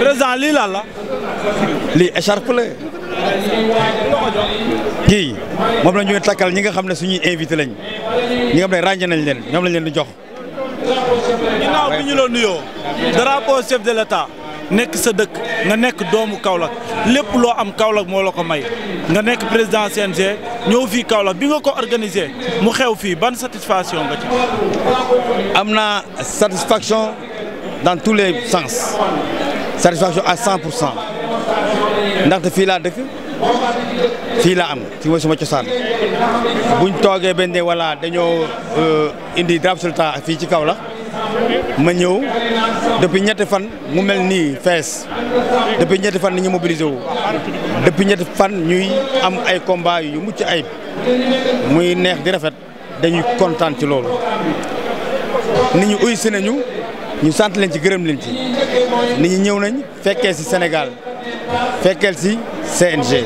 président lii lan la. lii écharpe la. kii moom la ñuy takkal ñi nga xam ne suñuy invité lañ ñi nga xam ne ràññee nañ leen ñoom lañ leen di jox. ginnaaw bi ñu la nuyoo drapeau chef de l'état nekk sa dëkk nga nekk doomu Kaolack lépp loo am Kaolack moo la ko may nga nekk président CNG ñëw fii Kaolack bi nga ko organisé mu xew fii ban satisfaction nga ci. am na satisfaction. dans tous les sens satisfaction à cent pour cent ndaxte fii laa dëkk fii laa am fii mooy sama cosaan buñ toogee benn wala dañoo euh, indi Darou Sultan fii ci kaw la ma ñëw depuis ñetti fan mu mel nii fees depuis ñetti fan ni ñu mobilisé wu depuis ñetti fan ñuy am ay combat yu mucc ayib muy neex di rafet dañuy kontaan ci loolu nit ñu uy nañu ñu sant leen ci gërëm leen ci ni ñi ñëw nañ fekkee si senegal fekkeel si CNG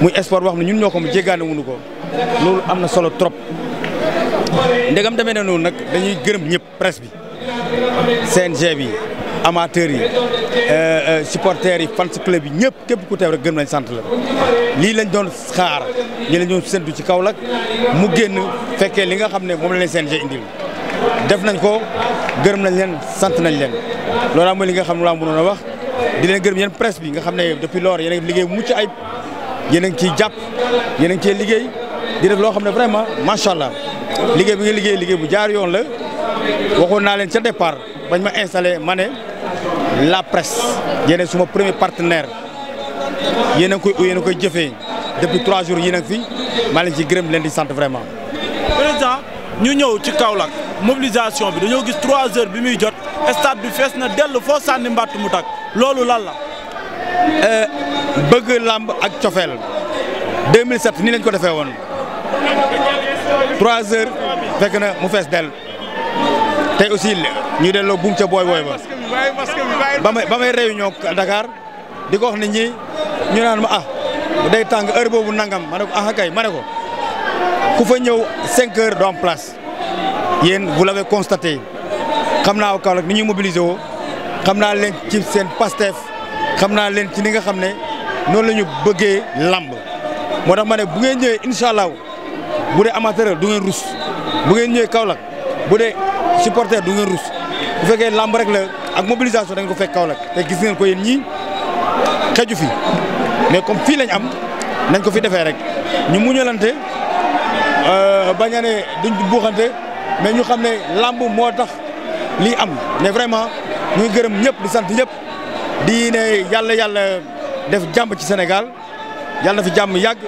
muy sport wax xam ne ñun ñoo ko mu jéggaane wuñu ko loolu am na solo trop ndegam demee na noonu nag dañuy gërëm ñëpp presse bi CNG bi amateurs yi euh, euh, supporters yi fans club yi ñëpp képp ku teew rek gërëm lañ sant la lii lañ doon xaar ñu lañ doon séntu ci kaw Kaolack mu génn fekkee li nga xam ne moom la leen CNG indil def nañ ko gërëm nañ leen sant nañ leen loolaa mooy li nga xam ne laa mënoon a wax di leen gërëm yéen presse bi nga xam ne depuis lors yéen a liggéey bu mucc ayib yéen a ngi ciy jàpp yéen a ngi liggéey di loo xam ne vraiment macha allah liggéey bi nga liggéey liggéey bu jaar yoon la waxoon naa leen ca départ bañ ma installé ma ne la presse yéen suma premier partenaire yéen a ngi koy a koy jëfee depuis trois jours yéen a ngi maa leen ci gërëm leen di sant vraiment. président ñu ñëw ci Kaolack. mobilisation bi dañoo gis 3 heures bi muy jot stade bi fees na dell foo sànni mbàtt mu tag loolu lan la. Eh, bëgg làmb ak cofeel 2007 nii lañ ko defee woon 3 heures fekk na mu fees dell te aussi ñu delloo buum ca booy booy ba. ba may ba may réunion Dakar di ko wax nit ñi ñu naan ma ah day tàng heure boobu nangam ma ne ko ah ko ku fa ñëw 5 heures doo place. yéen vous l'avez constaté xam naa waa Kaolack ni ñuy mobiliser woo xam naa leen ci seen Pastef xam naa leen ci li nga xam ne noonu la ñu bëggee làmb moo tax ma ne bu ngeen ñëwee incha allah bu dee amateur du ngeen rus bu ngeen ñëwee Kaolack bu dee supporter du ngeen rus bu fekkee làmb rek la ak mobilisation da ko fekk Kaolack te gis ngeen ko yéen ñii xeju fi mais comme fii lañ am nañ ko fi defee rek ñu muñalante euh, bañ a ne duñ buuxante mais ñu xam ne làmb moo tax lii am mais vraiment ñu gërëm ñëpp di sant ñëpp di ne yàlla yàlla def jàmm ci Sénégal yàlla na fi jàmm yàgg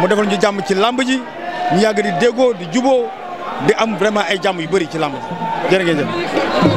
mu defal ñu jàmm ci làmb ji ñu yàgg di déggoo di juboo di am vraiment ay jàmm yu bëri ci làmb ji jërë